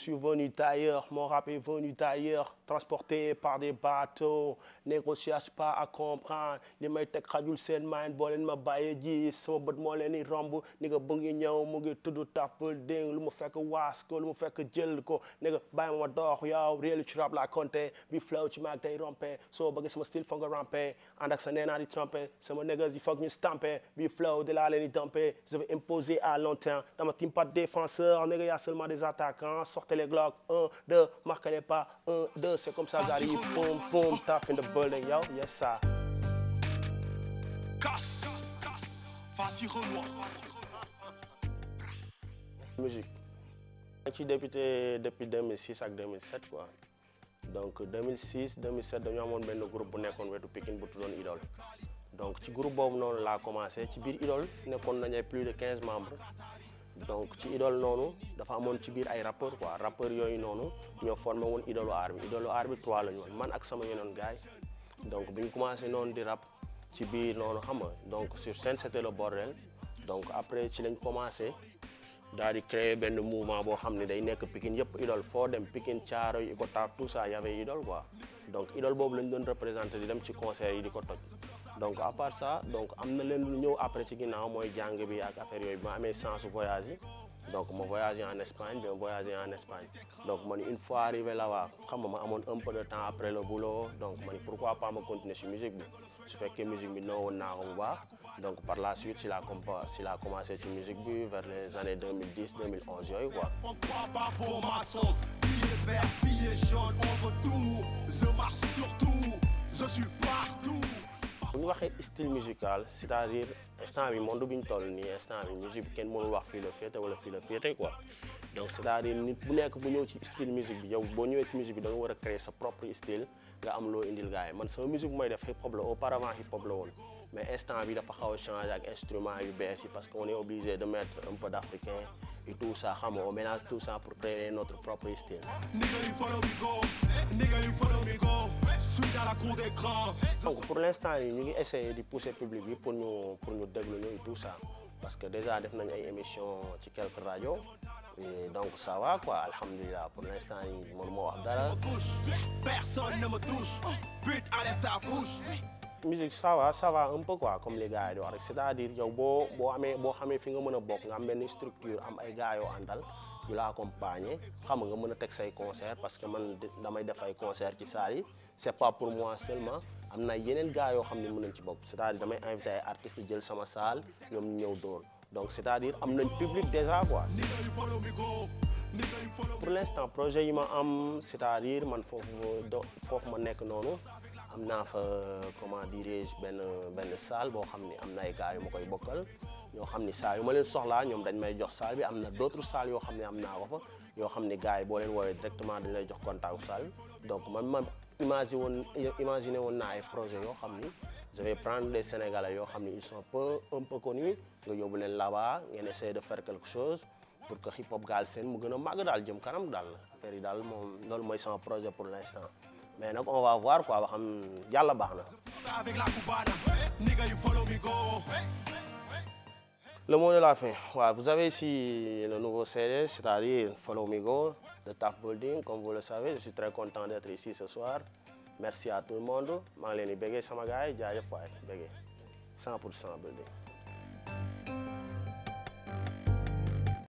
suis venu d'ailleurs, mon rap est venu d'ailleurs, transporté par des bateaux, négociation pas à comprendre, li may teg xajul seen main boo ma bàyyee ji sama bët moo leen di romb ni nga bëgg ñëw mu ngi tudd tàppal déng lu mu fekk waas ko lu mu fekk jël ko ni nga bàyyi ma dox yow réelu ci rap la compté bi flow ci maag day rompé soo bëgg sama style foog nga rompé ànd ak sa nee naa di trompé sama négoce yi foog ñu stampé bi de laa leen di dampé je à long dama marque les glocks 1, 2, marque les pas 1, 2, c'est comme ça j'arrive, ah, boom, boom, tap in the building, yo, yes sir. Casse, vas-y remoi. Musique. Je suis député depuis 2006 ak 2007 quoi. donc 2006 2007 dañu amoon benn groupe bu nekkoon wetu Pikine bu tuddoon Idole donc ci groupe boobu noonu laa commencé ci biir Idole nekkoon nañu ay plus de 15 donc ci idole noonu dafa amoon ci biir ay rappeurs quoi rappeurs yooyu noonu ñoo formé woon idolu aar bi idolu aar trois la woon man ak sama yeneen gars yi donc bi ñu commencé noonu di rap ci biir noonu xam nga donc sur scène c'était le bordel donc après ci lañ commencé daal di créer benn mouvement boo xam ne day nekk Pikine yëpp idole foo dem Pikine Thiaroye yi ko taar tout ça y avait idole quoi donc idole boobu lañ doon représenté di dem ci concert yi di ko toj donc à part ça donc am na leen lu ñëw après ci ginnaaw mooy jàng bi ak affaire yooyu bi ma amee chance voyage yi donc ma voyagé en Espagne bien voyagé en donc man une fois arrivé waa bas xam nga ma amoon un peu de temps après le boulot donc man pourquoi pas ma continuer si musique bi su fekkee musique bi noo woon naa ko bu baax donc par la suite si la com si la commencé ci musique bi vers les années 2010 2011 yooyu quoi. vert, jaune, on veut tout. Je marche sur tout, je suis partout. waxee style musical c'est-à-dire instant bi monde bi ñu nii instant bi musique bi kenn mënul wax fii la féete wala fii la féete quoi bu nekk bu ñëw ci style musique bi yow boo ñëwee ci musique bi da war a créer sa propre style nga am loo indil gars man sama musique bu may def hip hop la auparavant hip hop la woon mais instant bi dafa xaw a changé ak instrument yu bees yi parce que on est obligé de mettre un peu d'africain et tout ça xam nga on mélange tout ça notre propre style. suite à la cour d'écran. donc l'instant yi ñu ngi essayer di pousser public bi pour ñu pour ñu déglu ñu tout ça parce que déjà def nañu ay émissions ci quelques radios donc ça va quoi alhamdulilah l'instant yi moom moo wax dara. personne ne me touche. but enlève ta bouche. musique ça comme les gars yi wax rek c'est-à-dire yow boo boo amee boo xamee fi nga mën a bokk am benn structure am ay gars yoo àndal. ñu la accompagner xam nga mën a teg say concert parce que man damay def ay concert ci saal yi c'est pas pour moi seulement am na yeneen gars yoo xam ne mën nañ ci bokk c'est-à-dire damay invité ay artistes jël sama saal ñoom ñëw dool donc cest a dire am nañ public déjà quoi. pour l'instant projet yi ma am c'est-à-dire man foofu do foofu ma nekk noonu am naa fa euh, comment dirais-je benn benn salle boo xam ne am na ay gars yu ma koy bokkal. ñoo xam ni saa yo ma leen soxlaa ñoom dañ may jox saal bi am na d'autres salles yoo xam ne am naa ko fa yoo xam ni gars yi boo leen woowee directement dañ lay jox saal bi donc man ma imagine woon imaginer woon naa ay projets yoo xam ni je vais prendre des yoo xam ni ils sont peu un peu connus nga yóbbu leen là-bas ngeen essayer de faire quelque chose pour que hip hop Galsen mu gën a màgg daal jëm kanam daal affaire yi daal moom loolu mooy sama projet pour l'instant mais nag on va voir quoi ba xam yàlla baax na. le mot de la fin. Ouais, vous avez ici le nouveau CD, c'est-à-dire Follow Me de Tap Building. Comme vous le savez, je suis très content d'être ici ce soir. Merci à tout le monde. Je suis 100% building.